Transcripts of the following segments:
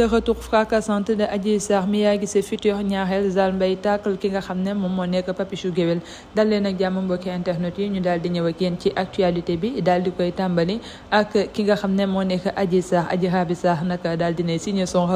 le retour fracassante de Adji mi yaa gisee futur ñaareel Zale Mbaye ki nga xam ne moom moo nekk Papichou Guewel dal leen ak jàmm mbokki internet yi ñu daal di ñëw ak yéen ci actualité bi daal di tàmbali ak ki nga xam ne moo nekk Adji Sarr Adji Raby Sarr nag daal di ne signé son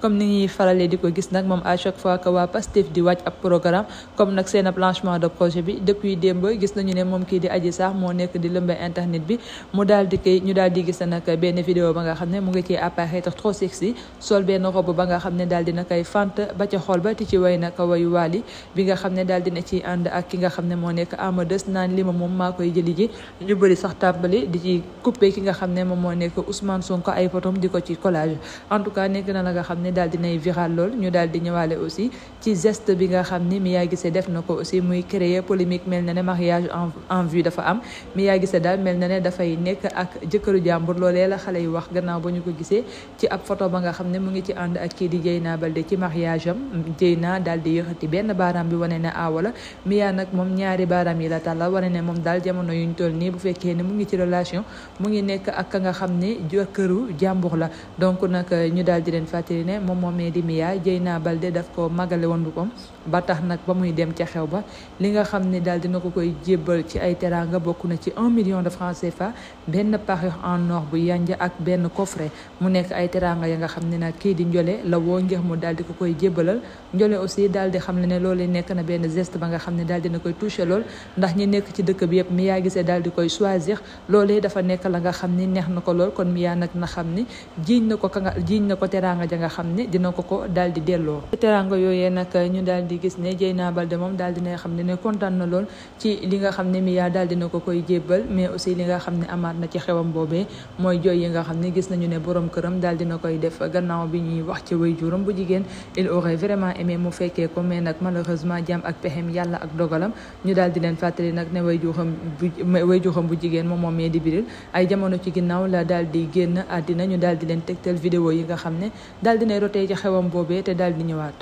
comme ni ñuy faralee di ko gis nag moom à chaque fois que waa Pastef di wàcc ab programme comme nag seen planchement de projet bi depuis démb gis nañu ne moom kii di Adji Sarr moo nekk di lëmbe internet bi mu dal di koy ñu daal di gis nag benn vidéo ba nga xam ne mu ngi ciy apparaître trop sexy sol benn rob ba nga xam ne daal dina koy fant ba ca xool ba ti ci way naka wayu waali bi nga xam ne daal dina ci ànd ak ki nga xam ne moo nekk Amadou naan li ma moom maa koy jëli ji ñu bëri sax tàmbali di ci coupé ki nga xam ne moom moo nekk Ousmane Sonko ay potom di ko ci collage en tout cas nekk na la nga xam ne daal dinay viral lool ñu daal di ñëwaale aussi ci geste bi nga xam ni mi Mia Guissé def na ko aussi muy créer polémique mel na ne mariage en vue dafa am Mia Guissé daal mel na ne dafay nekk ak jëkkëru jàmbur loolee la xale yi wax gannaaw ba ñu ko gisee ci ab photo ba nga xam xam ne mu ngi ci ànd ak kii di Dieyna balde ci mariage am Dieyna daal di yëkkati benn baaraam bi wane ne aawa la Mia nag moom ñaari baaraam yi la tàllal wane ne moom daal jamono yuñ toll nii bu fekkee ne mu ngi ci relation mu ngi nekk ak ka nga xam ne këru jàmbur la donc nag ñu daal di leen fàttali ne moom moomee di Mia Dieyna Baldé daf ko magale woon bu kom ba tax nag ba muy dem ca xew ba li nga xam ne daal dina ko koy jébbal ci ay teraanga bokk na ci un million de francs fa benn parure en or bu yànja ak benn coffret mu nekk ay teraanga ya nga xam ne nag kii di njole la woo ngir mu daal di ko koy jébbalal njole aussi daal di xam ne ne loolee nekk na benn geste ba nga xam ne daal dina koy touché lool ndax ñi nekk ci dëkk bi yëpp mi yaa gisee daal di koy choisir loolee dafa nekk la nga xam ni neex na ko lool kon mi yaa nag na xam ni jiiñ na ko ka nga jiiñ na ko teraanga ja nga xam ne dina ko ko dal di delloo teraanga yooyee nag ñu daal di ñuy gis ne Dieyna Baldé moom daal dina xam ne ne kontaan na lool ci li nga xam ne Mia daal dina ko koy jébbal mais aussi li nga xam ne amaat na ci xewam boobee mooy jooy yi nga xam ne gis nañu ne borom këram daal dina koy def gannaaw bi ñuy wax ci way juram bu jigéen il vraiment aimé mu fekkee ko mais nag malheureusement jàmm ak pexem yàlla ak dogalam ñu daal di leen fàttali nag ne way juram bu way juram bu jigéen moom moom mee di biril ay jamono ci ginnaaw la daal di génn àddina ñu daal di leen tegtal vidéo yi nga xam ne daal dinay rotee ci xewam boobee te daal di ñëwaat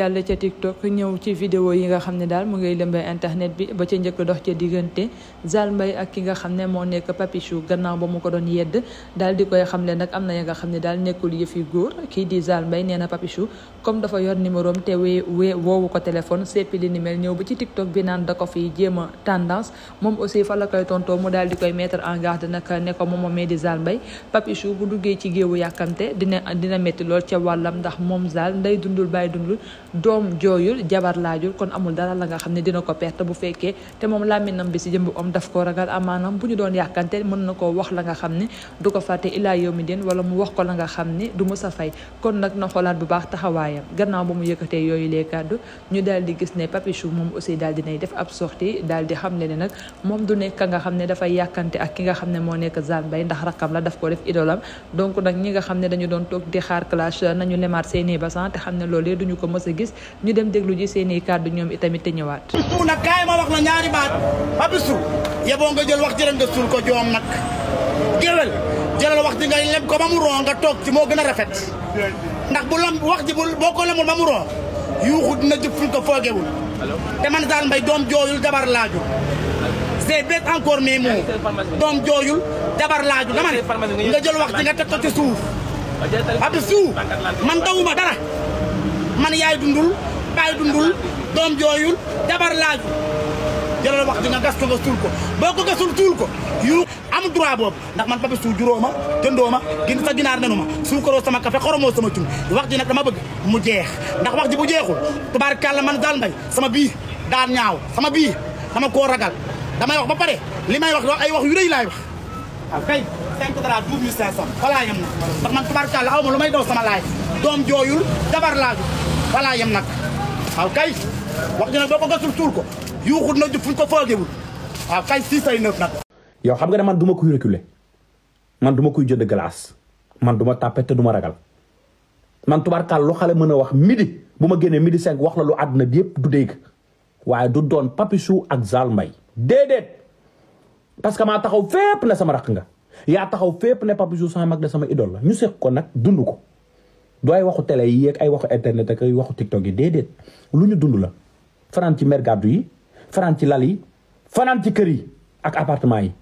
jàll ca TikTok ñëw ci vidéo yi nga xam ne daal mu ngay lëmbee internet bi ba ca njëkk dox ca diggante Zal Mbaye ak ki nga xam ne moo nekk Papichou gannaaw ba mu ko doon yedd dal di koy xam ne nag am na ya nga xam ne daal nekkul yëf góor kii di Zal Mbaye nee na Papichou comme dafa yor numéro am te wee wee woowu ko téléphone seppi li ni mel ñëw ba ci TikTok bi naan da ko fi jéem a tendance moom aussi fa la koy tontoo mu daal di koy mettre en garde nag ne ko moom moomee di Zal Mbaye Papichou bu duggee ci géewu yàkkamte dina dina métti lool ca wàllam ndax moom Zal nday dundul bàyyi dundul doom jooyul jabar laajul kon amul dara la nga xam ne dina ko per perte bu fekkee te moom làmminam bi si jëmb om daf ko ragal amaanam bu ñu doon yàkkante mën na koo wax la nga xam ne du ko fàtte ilaa yawmi din wala mu wax ko la nga xam ne du mu sa fay kon nag na xoolaat bu baax taxawaayam gannaaw ba mu yëkkatee yooyu les kàddu ñu daal di gis ne Papichou moom aussi daal di nay def ab sortie daal di xam ne ne nag moom du nekk ka nga xam ne dafay yàkkante ak ki nga xam ne moo nekk Zane bay ndax rakam la daf ko def idolam donc nag ñi xam ne dañu doon toog di xaar clash nañu lemaat seeni basan te xam ne loolu duñu gis ñu dem déglu ji seen i kàddu ñoom itamit te ñëwaat. bisu nag kaay ma wax la ñaari baat ba bisu nga jël wax jërë nga suul ko joom nag jëlal jëlal wax ji ko ba mu ron ci moo gën a rafet ndax bu lam wax ji bul boo ko lemul ba mu ron yuuxu dina jëf ko foogewul te man daal mbay doom jooyul dabar laaju c'est bête encore mes mots doom jooyul dabar laaju dama ne nga jël wax ji nga teg ko suuf ba bi suuf man dara man yaay dundul baay dundul doom jooyul jabar laaju jëlal wax ji nga gas ko nga suul ko boo ko gasul suul ko yu am droit boobu ndax man papi suu juróoma jëndooma gin sa ginaar nenu ma suukaroo sama café xoromoo sama cun wax ji nag dama bëgg mu jeex ndax wax ji bu jeexul tubaarkàlla man daal mbay sama bii daal ñaaw sama bii dama koo ragal damay wax ba pare li may wax ay wax yu rëy laay wax waaw ah, kay 5 dollars 12 500 voilà yem na ndax man tubaarkàlla ma lu may daw sama laay doom jooyul jabar laa gis balaa yem nag waaw kay wax ji nag doo ko gëstu ko yuuxut na jub fuñ ko foogewul waaw kay six ay neuf nag. yow xam nga ne man duma ma kuy reculer man du ma kuy jënd glace man du ma te du ragal man tubaarkaal lu xale mën a wax midi bu ma génnee midi cinq wax la lu àdduna bi yëpp du dégg waaye du doon Papichou ak Zal Mbaye déedéet parce que maa taxaw fépp ne sama raq nga yaa taxaw fépp ne Papichou saa mag de sama idole la ñu seq ko nag dund ko. du ay waxu tele yi ak ay waxu internet ak ay waxu tiktok yi déedéet lu ñu dund la fanaan ci mer gàddu yi fanaan ci lal yi fanaan ci kër yi ak appartement yi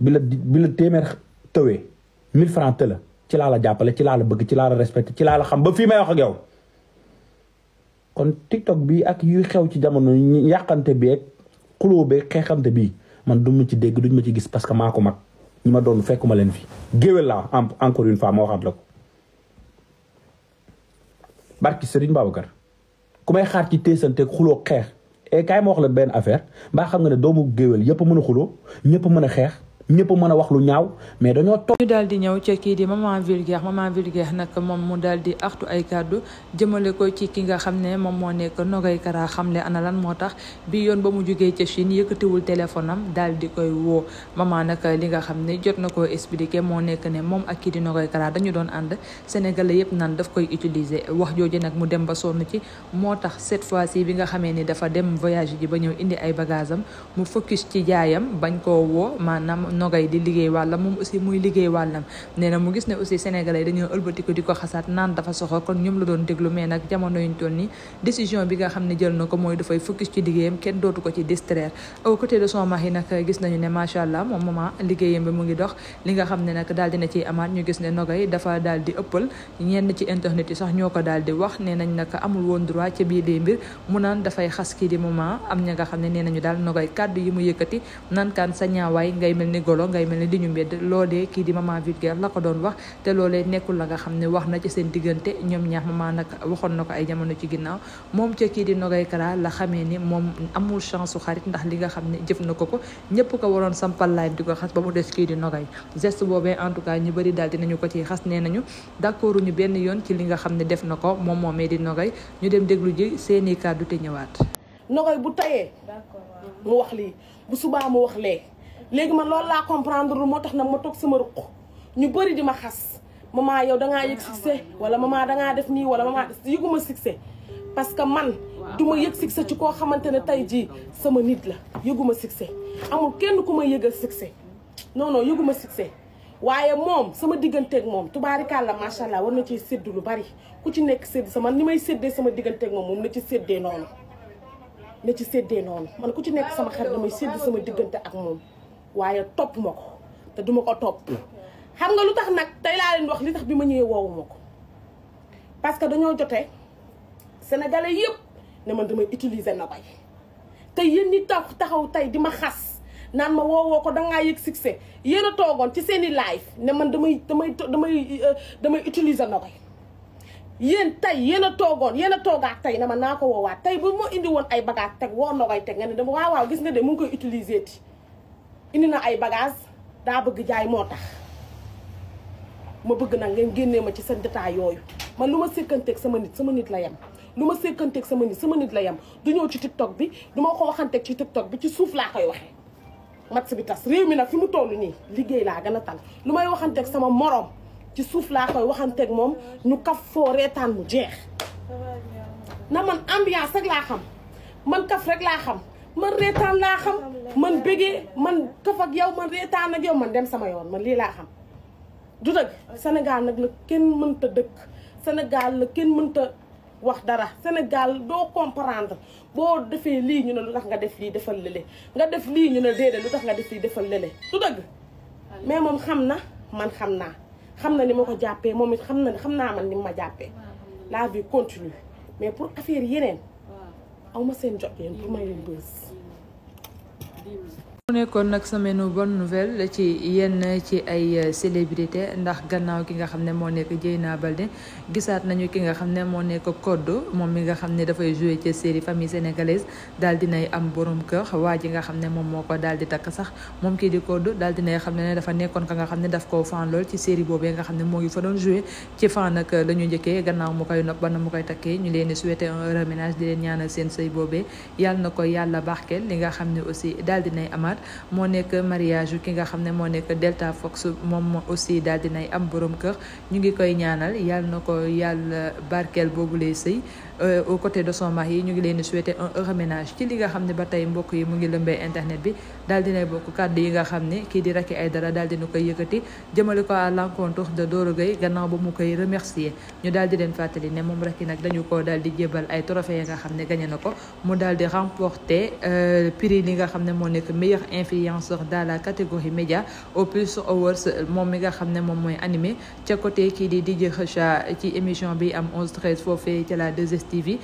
bi la bi la téeméer tawee mille francs te la ci laa la jàppale ci laa la bëgg ci laa la respecté ci laa la xam ba fii may wax a yow kon tiktok bi ak yu xew ci jamono yàqante bi ak xuloo bi xeexante bi man du ma ci dégg duñ ma ci gis parce que maa ko mag ñi ma doon fekkuma leen fi géwél laa encore une fois ma waxaat la ko barki Serigne Babacar ku may xaar ci teesanteeg xuloo xeex et eh, kaay ma wax la benn affaire mbaa xam nga ne doomu géwél yëpp mën a xuloo ñëpp mën a xeex ñëpp mën a wax lu ñaaw mais dañoo toog. ñu daal di ñëw ci kii di maman vulgaire maman vulgaire nag moom mu daal di axtu ay kàddu jëmale ko ci ki nga xam ne moom moo nekk Nogay Kara xamle ana lan moo tax bi yoon ba mu jugee ca Chine yëkkatiwul téléphone am daal di koy woo maman nag li nga xam ne jot na koo expliqué moo nekk ne moom ak kii di Nogay Kara dañu doon ànd sénégalais yëpp naan daf koy utiliser wax jooju nag mu dem ba sonn ci moo tax cette fois ci bi nga xamee ni dafa dem voyage ji ba ñëw indi ay bagages am mu focus ci jaayam bañ koo nogay di liggéey wàllam moom aussi muy liggéey wàllam nee na mu gis ne aussi sénégalais yi dañoo ëlbatiku di ko xasaat naan dafa soxor kon ñoom la doon déglu mais nag jamono yuñ toll ni décision bi nga xam ne jël na ko mooy dafay ko ci gis nañu ne macha allah moom maman liggéeyam bi mu ngi dox li nga xam ne nag daal dina ciy amaat ñu gis ne nogay dafa daal ëppal ñenn ci internet yi sax ñoo ko daal di wax nee nañ nag amul woon droit ci biir des mbir mu naan dafay xas kii di maman am ña nga xam ne nee ñu daal nogay kàddu mu yëkkati naan kaan sa golo ngay mel ne di ñu mbedd loolee kii di maman vulgaire la ko doon wax te loolee nekkul la nga xam ne wax na ci seen diggante ñoom ñaax maman nag waxoon na ko ay jamono ci ginnaaw moom ca kii di la xamee ni moom amul chance su xarit ndax li nga xam ne jëf na ko ko ñëpp ko waroon benn yoon ci li nga xam ne def na ko moom moomee di Nogay ñu dem déglu ji seeni kàddu te ñëwaat Nogay bu tayee mu wax lii bu subaa mu wax lee léegi man loolu laa comprendre lu moo tax nag ma toog sama ruq ñu bëri di ma xas maman yow dangaa yëg succès wala maman dangaa def nii wala maman yëguma succès parce que man du ma yëg succès ci koo xamante ne tey jii sama nit la yëguma succès amul kenn ku ma yëgal succès non non yëguma succès waaye moom sama digganteeg moom tubaarikàlla macha allah war na ciy sédd lu bari ku ci nekk sédd sama ni may séddee sama digganteeg moom moom na ci séddee noonu na ci séddee noonu man ku ci nekk sama xel damay sédd sama diggante ak moom waaye topp ma ko te duma ko topp xam nga lu tax nag tey laa leen wax li tax bi ma ñëwee woowu ko parce que dañoo jote sénégalais yëpp ne man damay utiliser na bay tey yéen ñi tax taxaw tey di ma xas naan ma woowoo ko dangaa yëg yéen a toogoon ci seen i live ne man damay damay damay euh, damay utiliser na bay yéen tey yéen a toogoon yéen a toogaat tey ne ma naa ko woowaat tey bu ma indi woon ay bagaat teg woo ndogoy teg nga ne dama waaw waaw gis nga de mu koy utiliser ti indi na ay bagage daa bëgg jaay moo tax ma bëgg nag ngeen génnee ma ci seen détail yooyu man lu ma sékkanteeg sama nit sama nit la yem lu ma sékkanteeg sama sama nit la yem du ñëw ci tiktok bi du ma ko waxanteeg ci tiktok bi ci suuf laa koy waxee match bi tas réew mi nag fi mu toll nii liggéey laa gën a tal lu may waxanteeg sama morom ci suuf laa koy waxanteeg moom ñu kaf foo reetaan mu jeex na man ambiance rek laa xam man kaf rek laa xam man reetaan naa xam man bëggee man kaf ak yow man reetaan ak yow man dem sama yoon man lii laa xam du dëgg Sénégal nag la kenn mënta dëkk Sénégal la kenn mënta wax dara Sénégal doo comprendre boo defee lii ñu ne lu tax nga def lii defal lële nga def lii ñu ne déedéet lu tax nga defal lële du dëgg mais moom xam na man xam naa xam na ni ma ko jàppee moom it xam na xam naa man ni ma jàppee laa vie continue mais pour affaire yeneen aw ma seen jot yéen pour may leen bës Deus. mu nekkoon nag semaine bonne nouvelle ci yenn ci ay euh, célébrité ndax gannaaw ki nga xam ne moo nekk Dieyna Baldé gisaat nañu ki nga xam ne moo nekk koddu moom mi nga xam ne dafay joué ci série famille sénégalaise daal dinay am borom kër waa ji nga xam ne moom moo ko daal di takk sax moom kii di Koddo daal dinay xam ne ne dafa nekkoon ka nga xam ne daf koo fan lool ci série boobee nga xam ne moo ngi fa doon ci fan nag la ñu njëkkee gannaaw mu koy nopp ba na mu takkee ñu leen di souhaité un reménage ñaanal seen sëy boobee yàlla na ko yàlla baaxkeel li nga xam ne daal dinay amaat moo nekk mariage yu ki nga xam ne moo nekk Delta Fox moom aussi daal dinay am boroom kër ñu ngi koy ñaanal yàlla na ko yàlla barkeel boobu lay sëy Euh, aux côté de son mari ñu ngi leen di souhaiter un heureux ci li nga xam ne ba tey mbokk yi mu ngi lëmbee internet bi daal dinay bokk kàddu yi nga xam ne kii di ay dara daal dina koy yëkkati jëmale ko à l'encontre de Doro Gueye gannaaw ba mu koy remercier ñu daal di leen fàttali ne moom Racky nag dañu ko daal di jébal ay trophées nga xam ne gagné na ko mu daal di remporter euh, prix li nga xam ne moo nekk meilleur influenceur dans la catégorie média au plus moom mi nga xam ne moom mooy animé ca côté kii di DJ Kheucha ci émission bi am 11 13 foofee ca la 2 TV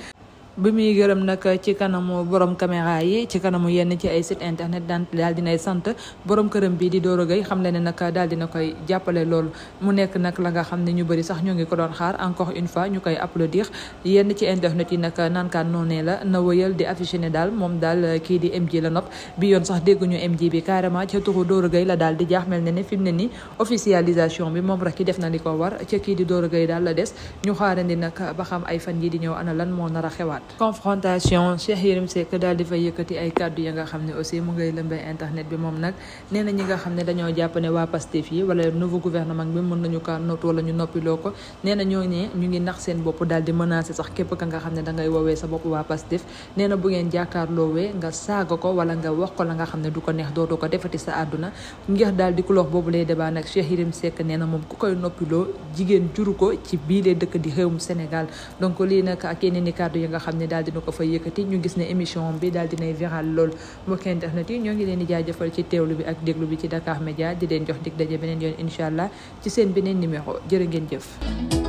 bi muy gërëm nag ci kanamu borom caméra yi ci kanamu yenn ci ay site internet daan daal dinay sant borom këram bi di Doro Gueye xam le ne nag daal dina koy jàppale loolu mu nekk nag la nga xam ne ñu bëri sax ñoo ngi ko doon xaar encore une fois ñu koy applaudir yenn ci internet yi nag naankaan ne la na wëyal di affiché ne daal moom daal kii di MJ la nopp bi yoon sax dégguñu MJ bi carrément ca turu Doro Gueye la daal di jaax mel ne ni fi ne ni officialisation bi moom rek ki def na li ko war ca kii di Doro Gueye daal la des ñu xaarandi nag ba xam ay fan yi di ñëw ana lan moo nar a xewaat confrontation Cheikh Yérim Seck daal di fa yëkkati ay kàddu ya nga xam ne aussi mu ngay lëmbee internet bi moom nag nee na ñi nga xam ne dañoo jàpp ne waa Pastef yi wala nouveau gouvernement bi mën nañu kaa noot wala ñu noppiloo ko nee na ñoo ne ñu ngi nax seen bopp daal di menacer sax képp ka nga xam ne dangay ngay woowee sa bopp waa Pastef nee na bu ngeen jàkkaarloowee nga saaga ko wala nga wax ko la nga xam ne du ko neex dootoo ko defati sa àdduna ngir daal di kuloox boobu lay débat nag Cheikh Yérim Seck nee na moom ku koy noppiloo jigéen juru ko ci bii lee dëkk di réewum Sénégal donc lii nag ak yeneen ni kàddu yi nga xam ne daal dina ko fa yëkkati ñu gis ne émission bi daal dinay viral lool mbokk internet yi ñoo ngi leen di jaajëfal ci teewlu bi ak déglu bi ci Dakar Média di leen jox dig daje beneen yoon incha allah ci seen beneen numéro jërë ngeen jëf